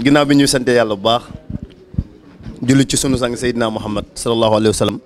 ginnaaw bi ñuy sante yàlla bu baax julli ci sunu sang Seydina Muhammad sallallahu alayhi wa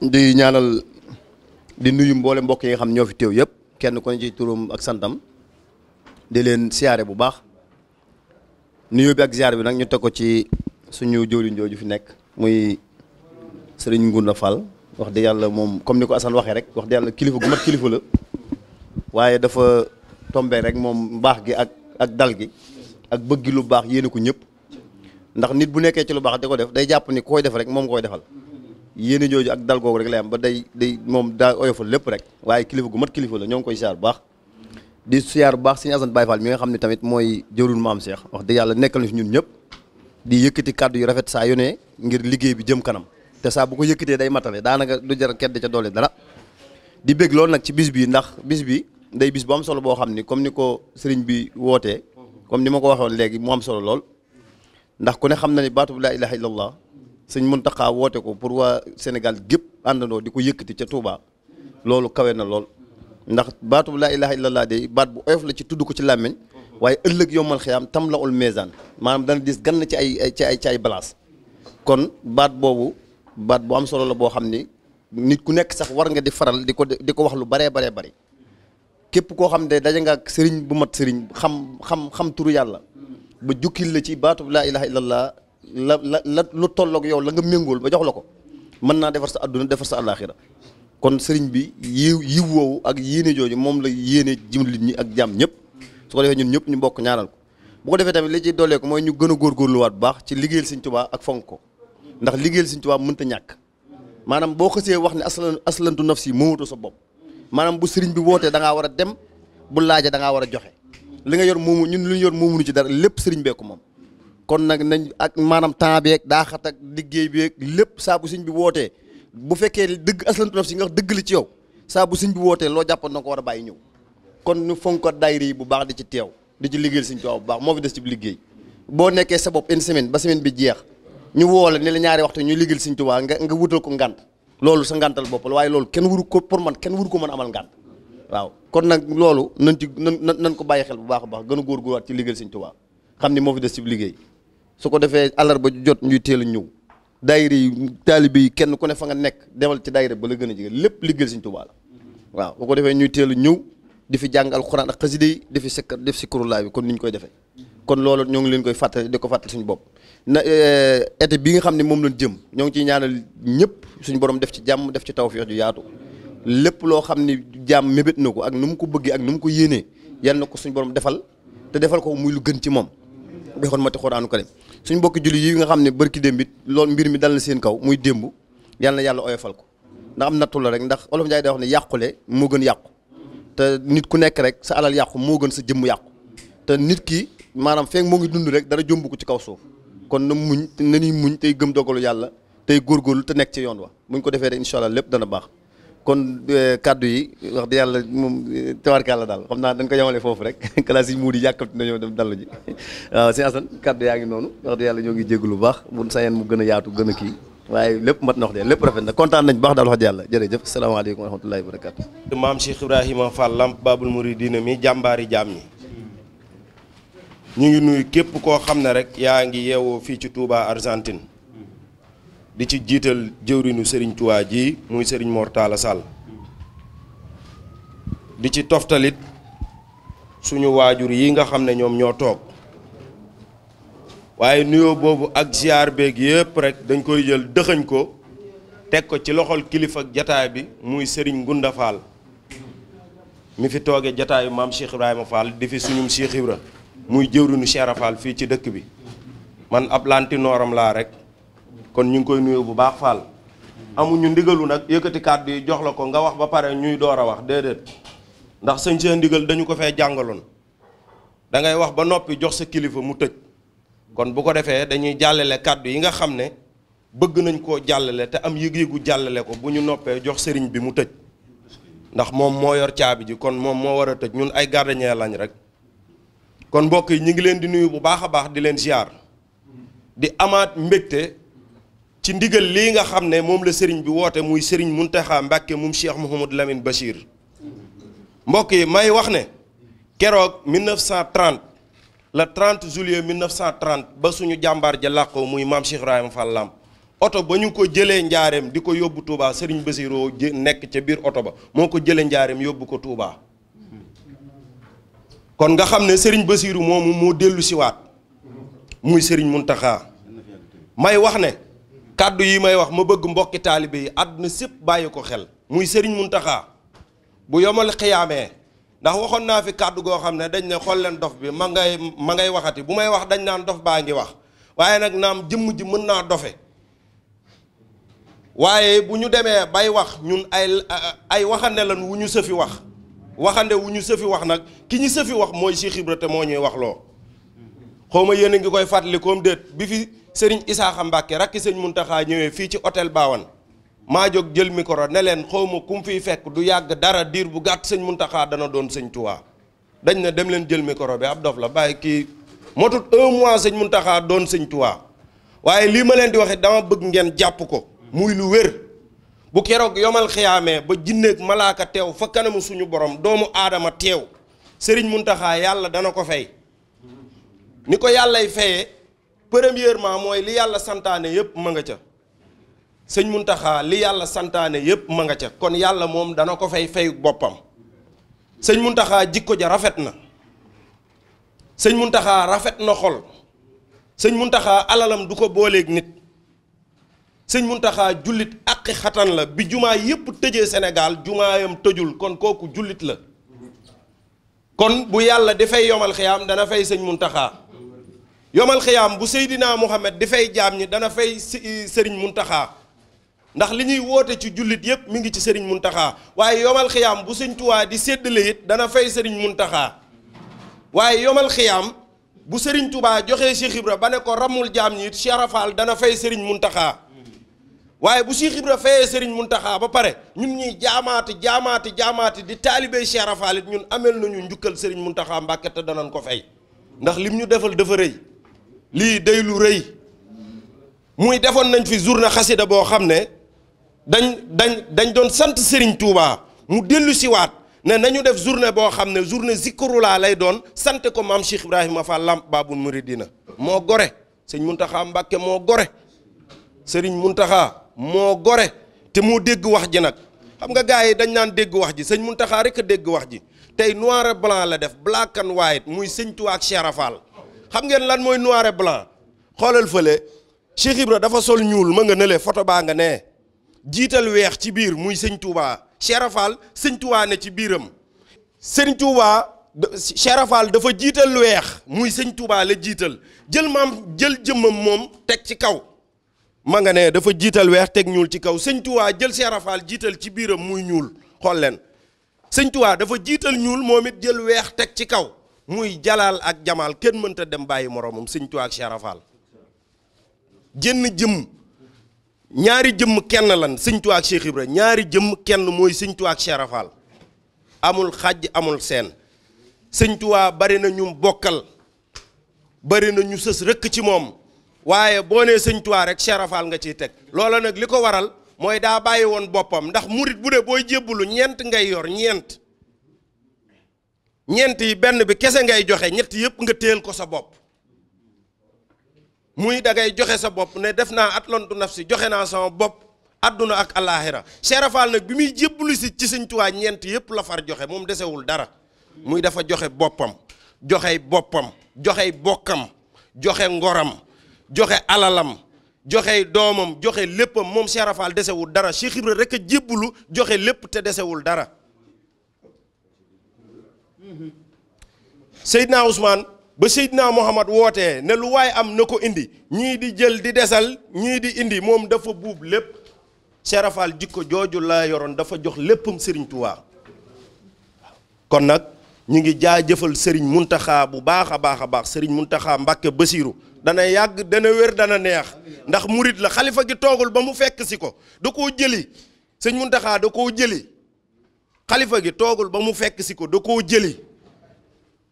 di ñaanal di nuyu mboole mbokk yi nga xam ñoo fi teew yëpp kenn ko ne ci turam ak santam di leen siyaare bu baax nuyu bi ak siyaare bi nag ñu teg ko ci suñu jëwriñ jooju fi nekk muy sëriñ Ngunda Fall wax dëgg yàlla moom comme ni ko Assane waxee rek wax dëgg yàlla kilifa gu mat kilifa la waaye dafa tombé rek moom mbaax gi ak ak dal gi ak bëgg lu baax yéene ko ñëpp ndax nit bu nekkee ci lu baax di ko def day jàpp ni koy def rek moom koy defal yéene jooju ak dal googu rek lay am ba day day moom daa oyofal lépp rek waaye kilifa gu mat kilifa la ñoo ngi koy siyaar bu baax di siyaar bu baax suñu Assane Baye Fall mi nga xam ne tamit mooy jërul maam Cheikh wax dëgg yàlla nekkal na fi ñun ñëpp di yëkkati kàddu yu rafet saa yu ne ngir liggéey bi jëm kanam te saa bu ko yëkkatee day matale daanaka du jar kedd ca doole dara di ci bis bi ndax bis bi day bis bu am boo xam ni comme ni ko sëriñ bi wootee comme ni ma ko waxoon léegi mu am solo lool ndax ku ne xam na ni baatub laa ilaha illallah sëñ Muntaxa woote ko pour waa Sénégal gépp àndandoo di ko yëkkati ca Touba loolu kawe na lool ndax baatub laa ilaha illallah de baat bu oyof la ci tudd ko ci làmmiñ waaye ëllëg yombal xiyaam tam la ul meezaan maanaam dana dis gan na ci ay ci ay ci ay balaas kon baat boobu baat bu am solo la boo xam ni nit ku nekk sax war nga di faral di ko di ko wax lu baree baree bari képp koo xam ne daje nga ak sëriñ bu mat sëriñ xam xam xam turu yàlla ba jukkil la ci baatu laa ilaha illallah la la la lu tolloog yow la nga méngool ba jox la ko mën naa defar sa àdduna defar sa àllaaxira kon sëriñ bi yiw yiw woowu ak yéene jooju moom la yéene jullit ñi ak jàmm ñëpp su ko defee ñun ñëpp ñu mbokk ñaanal ko bu defee tamit li ci doolee ko mooy ñu gën a góorgóorluwaat bu baax ci liggéeyal Sëriñ Tuubaa ak fonk ko ndax liggéeyal Sëriñ Tuubaa mënta ñàkk maanaam boo xësee wax ne aslan aslantu nafsi moomatoo sa bopp maanaam bu sëriñ bi wootee da war a dem bu laajee da ngaa war a joxe li nga yor moomu ñun lu ñu yor moomuñu ci dara lépp sëriñ bee moom. kon nag nañ ak maanaam temps beeg daa xat ak liggéey beeg lépp saa bu bi wootee bu fekkee dëgg aslantu naf si nga dëgg li ci yow saa bu bi wootee loo jàppoon na ko war a bàyyi ñëw kon ñu fonk daayira yi bu baax di ci teew di ci liggéeyal sëriñ Tuubaa bu baax moo fi des ci liggéey boo nekkee sa bopp une semaine ba semaine bi jeex ñu woo la ne la ñaari waxtu ñu liggéeyal sëriñ Tuubaa nga nga wutal ko ngànt loolu sa ngàntal bopp la waaye loolu kenn waru ko pour man kenn waru ko mën amal ngànt waaw kon nag loolu nañ ci nan nañ ko bàyyi xel bu baax a baax gën a góorgóorwaat ci liggéeyal Sëñ Tuubaa xam ni moo fi des ci liggéey su ko defee ba jot ñuy teel a ñëw daayira yi taalibe yi kenn ku ne fa nga nekk demal ci daayira ba la gën a jege lépp liggéey Sëñ tubaal la waaw bu ko defee ñuy teel a ñëw di fi jàngal alxuraan ak xasida yi di fi sikkar def sikkurulaay bi comme ni ñu koy defee kon loolu ñoo ngi leen koy fàttali di ko fàttali suñu bopp na euh, été bi nga xam ne moom lañ jëm ñoo ngi ciy ñaanal ñëpp suñu borom def ci jàmm def ci taw tawfeex ju yaatu lépp loo xam ne jàmm mébét na ko ak nu mu ko bëggee ak nu mu ko yéenee yal na ko suñu borom defal te defal ko muy lu gën ci moom bi xoon ma ti xuraanu karim suñ mbokki julli yi nga xam ne bërki démb it loolu mbir mi dal na seen kaw muy démb yal yàlla oyofal ko ndax am nattu rek ndax olof Njaay day wax ne yàqule moo gën yàqu te nit ku nekk rek sa alal yàqu gën sa jëmm yàqu te nit ki maanaam feek moo ngi dund rek dara jomb ko ci kaw suuf kon na muñ nañuy muñ tey gëm dogalu yàlla tey góorgóorlu te nekk ci yoon wa buñ ko defee rek incha lépp dana baax kon euh, kàddu yi wax di yàlla moom euh, tabarkàlla daal xam naa dañ ko yemale foofu rek classe yi muudi yàkkamti nañoo dem dallu ji waaw si Assane kàddu yaa ngi noonu wax di yàlla ñoo ngi jégg lu baax buñ sañeen mu gën a yaatu gën a kii waaye lépp mat na wax de lépp rafet kontaan nañ baax daal wax di yàlla jërëjëf salaamaaleykum wa rahmatullahi wa barakatu maam Cheikh Ibrahima Fall Lamp Babul Mouridina mi jàmbaari jaam ñi ñu ngi nuyu képp koo xam ne rek yaa ngi yeewoo fii ci Touba Argentine di ci jiital jëwriñu Serigne Touba ji muy Serigne mortal Talla Sall di ci toftalit suñu waajur yi nga xam ne ñoom ñoo toog waaye nuyoo boobu ak ziar beeg yëpp rek dañ koy jël dëxëñ ko teg ko ci loxol kilifa jataay bi muy Serigne Ngunda mi fi toogee jataayu maam Cheikh Ibrahima Fall di fi suñum Cheikh Ibra muy jëwriñu Cheikh Rafal fii ci dëkk bi man ab lanti laa rek kon ñu ngi koy nuyu bu baax Fall amuñu ndigalu nag yëkkati kàddu yi jox la ko nga wax ba pare ñuy door a wax déedéet ndax sëñ seen ndigal dañu ko fee jàngaloon da ngay wax ba noppi jox sa kilifa mu tëj kon bu ko defee dañuy jàllale kàddu yi nga xam ne bëgg nañ koo jàllale te am yëg-yëgu jàllale ko bu ñu noppee jox sëriñ bi mu tëj ndax moom moo yor caabi ji kon moom moo war a tëj ñun ay gardien lañ rek kon mbokk yi ñu ngi leen di nuyu bu baax a baax di leen ziar di amaat mbégte ci ndigal lii nga xam ne moom la sëriñ bi woote muy sëriñ Muntaxa Mbàkke moom Cheikh Mouhamadou Lamine Bachir mbokk yi may wax ne keroog 1930 le 30 juillet 1930 ba suñu jàmbaar ja làqoo muy maam Cheikh Ibrahima Fall Lamp oto ba ñu ko jëlee njaareem di ko yóbbu Touba sëriñ Bachiroo nekk ca biir oto ba moo ko jëlee njaareem yóbbu ko Touba. kon nga xam ne Serigne Bassirou moomu moo dellu siwaat muy Serigne Mountakha may wax ne kàddu yi may wax ma bëgg mbokki taalibe yi àdduna sépp bàyyi ko xel muy sëriñ Serigne taxaa bu yomal xiyaamee ndax waxoon naa fi kàddu goo xam ne dañ ne xool leen dof bi ma ngay ma ngay waxati bu may wax dañ naan dof baa ngi wax waaye nag naam jëmm ji mën naa dofe waaye bu ñu demee bay wax ñun ay ay waxande lan wu ñu sëfi wax waxande wu ñu sëfi wax nag ki ñu sëfi wax mooy Cheikh Ibra te moo ñuy wax loo xaw ma yéen a ngi koy fàttali comme déet bi fi sëriñ Isaaxa Mbàkke rakki sëñ Muntaxa ñëwee fii ci hôtel Bawane maa jog jël micro ne leen xaw ma ku mu fiy fekk du yàgg dara diir bu gàtt sëñ Muntaxa dana doon sëñ Tuubaa dañ ne dem leen jël micro bi ab dof la bàyyi kii motut un mois sëñ Muntaxa doon sëñ Tuubaa waaye lii ma leen di waxe dama bëgg ngeen jàpp ko muy lu wér bu keroog yomal xiyaamee ba jinneeg malaaka teew fa kanamu suñu borom doomu aadama teew sëriñ mun taxaa yàlla dana ko fay ni ko yàllay fayee premièrement mooy li yàlla santaane yépp ma nga ca sëñ Muntaxa li yàlla santaane yépp ma nga ca kon yàlla moom dana ko fay fayu boppam sëñ Muntaxa jikko ja rafet na sëñ Muntaxa rafet na xol sëñ taxaa alalam du ko booleeg nit sëñ Muntaxa jullit aqi xatan la bi jumaa yépp tëjee senegal Sénégal yam tëjul kon kooku jullit la kon bu yàlla di fay yomal xiyaam dana fay sëñ Muntaxa yomal xiyaam bu Seydina Muhammad di fay jaam dana fay eh, sëriñ Muntaxa ndax li ñuy woote ci jullit yépp mu ngi ci sëriñ Muntaxa waaye yomal xiyaam bu sëñ Tuubaa di séddale it dana fay sëriñ Muntaxa waaye yomal xiyaam bu sëriñ Tuubaa joxee Cheikh Ibra ba ne ko ramul jaam ñi it dana fay sëriñ Muntaxa waaye bu Cheikh Ibra fayee Serigne Mountakha ba pare ñun ñuy jaamaati jaamaati jaamaati di taalibey Cheikh Rafal ñun ameel nañu njukkal Serigne Mountakha Mbàkke te danañ ko fay ndax lim ñu defal dafa rëy lii day lu rëy muy defoon nañu fi journée xasida boo xam ne dañ dañ dañ doon sant Serigne Touba mu dellu siwaat ne nañu def journée boo xam ne journée zikrullah lay doon sante ko maam Cheikh Ibrahima Fall Lamp Baabul Muridina moo gore sëñ Mountakha Mbàkke moo gore Serigne Mountakha. moo gore te moo dégg wax ji nag xam nga gars yi dañ naan dégg wax ji sëñ Muntaxa rek a dégg wax ji tey noir blanc la def black and white muy sëñ Tuubaa ak xam ngeen lan mooy noir et xoolal fële Cheikh dafa sol ñuul ma nga nële photo baa nga ne jiital weex ci biir muy sëñ Tuubaa Cheikh ne ci biiram sëñ Tuubaa Cheikh dafa jiital weex muy sëñ Tuubaa la jiital jël maam jël jëmmam moom teg ci kaw ma nga ne dafa jiital weex teg ñuul ci kaw sëñ jël Cheikh Rafaal jiital ci biiram muy ñuul xool leen sëñtuwaa dafa jiital ñuul moom it jël weex teg ci kaw muy jalaal ak jamaal kenn mënta dem bàyyi moroomam sëñ Tuubaa ak Cheikh Rafaal jënn jëmm ñaari jëmm kenn lan sëñtuwaa Tuubaa ak Cheikh ñaari jëmm kenn mooy sëñ Tuubaa ak amul xàjj amul seen sëñtuwaa bari na ñu bokkal bari na ñu sës rëkk ci moom waaye boo nee sëñ Tuubaa rek Cheikh nga ciy teg loola nag li ko waral mooy daa bàyyi woon boppam ndax murit bu dee booy jébbalu ñeent ngay yor ñeent ñeent yi benn bi kese ngay joxe ñett yëpp nga téel ko sa bopp muy dangay joxe sa bopp ne def naa atlantu si joxe naa sama bopp adduna ak alaaxira Cheikh nag bi muy jébbalu si ci sëñ Tuubaa ñeent yëpp la far joxe moom desewul dara muy dafa joxe boppam joxe boppam joxe bokkam joxe ngoram joxe alalam joxe doomam joxe léppam moom Cheikh Ibra desewul dara Cheikh Ibra rek a jébbulu joxe lépp te desewul dara Seydina Ousmane ba Seydina Mohamad wootee ne lu waaye am na ko indi ñii di jël di desal ñii di indi moom dafa buub lépp Cheikh jikko jooju la yoroon dafa jox léppam Serigne Touba kon nag ñu ngi jaajëfal Serigne Mountakha bu baax a baax a baax Serigne Mountakha Mbacke Basirou dana yàgg dana wér dana neex ndax murit la xalifa gi toogul ba mu fekk si ko da koo jëli sëñ Mountakha da koo jëli xalifa gi toogul ba mu fekk si ko da koo jëli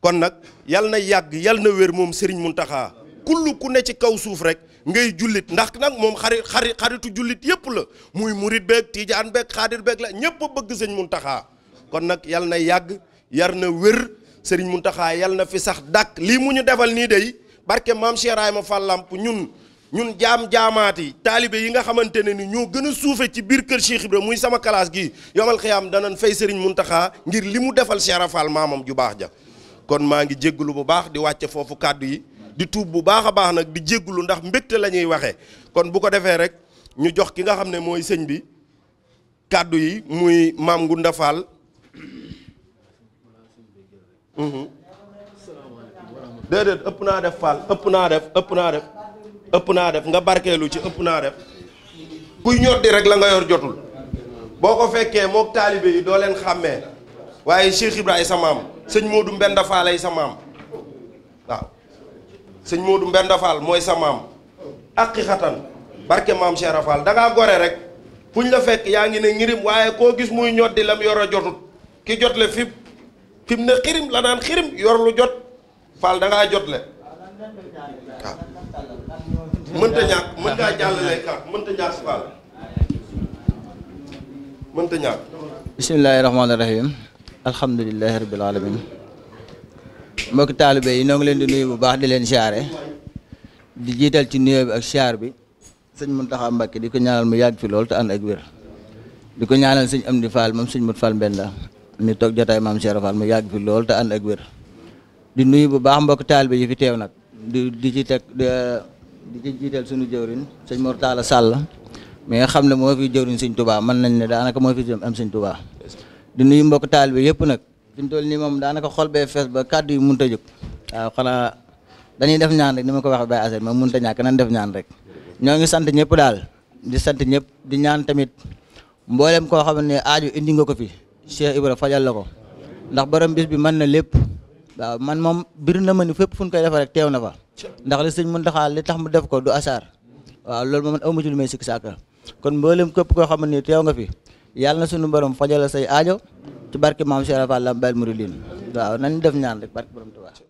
kon nag yal na yàgg yal na wér moom Serigne Mountakha kull ku ne ci kaw suuf rek ngay jullit ndax nag moom xarit xarit xaritu jullit yépp la muy murit beeg tiijaan beeg xaadir beeg la ñépp a bëgg sëñ Mountakha kon nag yal na yàgg. yar na wér sëriñ Muntaxa yal na fi sax dàkk lii mu ñu defal nii day barke maam Cheikh ma Fall Lamp ñun ñun jaam jaamaati taalibe yi nga xamante ne ni ñoo gën a suufe ci biir kër Cheikh Ibra muy sama classe gi yomal xiyaam danañ fay sëriñ Muntaxa ngir li mu defal Cheikh Ibra Fall maamam ju baax ja kon maa ngi jégglu bu baax di wàcce foofu kàddu yi di tuub bu baax a baax nag di jégglu ndax mbégte la ñuy waxee kon bu ko defee rek ñu jox ki nga xam ne mooy sëñ bi kàddu yi muy maam Ngunda Mm-hmm. déedéet ëpp naa def Fall ëpp naa def ëpp naa def naa def nga barkeelu ci ëpp naa def kuy ñoddi rek la nga yor jotul boo ko fekkee mook taalibe yi doo leen xàmmee waaye Cheikh Ibrahima sa maam sëñ Modou Mbenda Fall ay sa maam waaw sëñ Modou Mbenda Fall mooy sa maam ak xatan barke maam Cheikh Fall da gore rek fuñ la fekk yaa ngi ne ngirim waaye koo gis muy ñoddi lam yor a jotut ki jot le fipp fi mu ne xirim la naan xirim yor lu jot faal da jot le waaw mënta ñàkk mën ngaa jàllale ka mënta ñàkk faal mënta bismillaahi rahmaani rahim alhamdulilahi rabbil alamin mbokki taalibe yi noo leen di nuyu bu baax di leen siyaare di jiital ci nuyoo bi ak siyaar bi sëñ Muntaxa Mbàkke di ko ñaanal mu yàgg fi lool te ànd ak wér di ko ñaanal sëñ Amdi Fall moom sëñ Mut Fall Mbenda ni toog jotaay maam Cheikh Fall mu yàgg fi lool te ànd ak wér di nuy bu baax mbokk taalibe yi fi teew nag di di ci teg sunu jëwrin sëñ Mor Talla Sall mi nga xam ne moo fi jëwriñ sëñ Touba mën nañ ne daanaka moo fi am sëñ Touba di nuyu mbokk taalibe yëpp nag fi mu moom daanaka xol bee fees ba kàddu yi mënut a jóg waaw xanaa dañuy def ñaan rek ni ma ko waxee Baye ma mënut ñàkk nan def ñaan rek ñoo ngi sant ñëpp daal di sant ñëpp di ñaan tamit mboolem ko xam ne aaju indi nga ko fi Cheikh Ibra fajal la ko ndax borom bis bi mën na lépp waaw man moom bir na ma ni fépp fu koy defee rek teew na fa ndax li mu Muntaxa le tax mu def ko du asaar waaw loolu moom man a ci lu may sikk kon mboolem képp koo xam ne teew nga fi yàlla na sunu borom fajal la say aajo ci barke maam Cheikh Ibra Fall Lambaye Mourideen waaw nañ def ñaan rek barke borom Tuubaa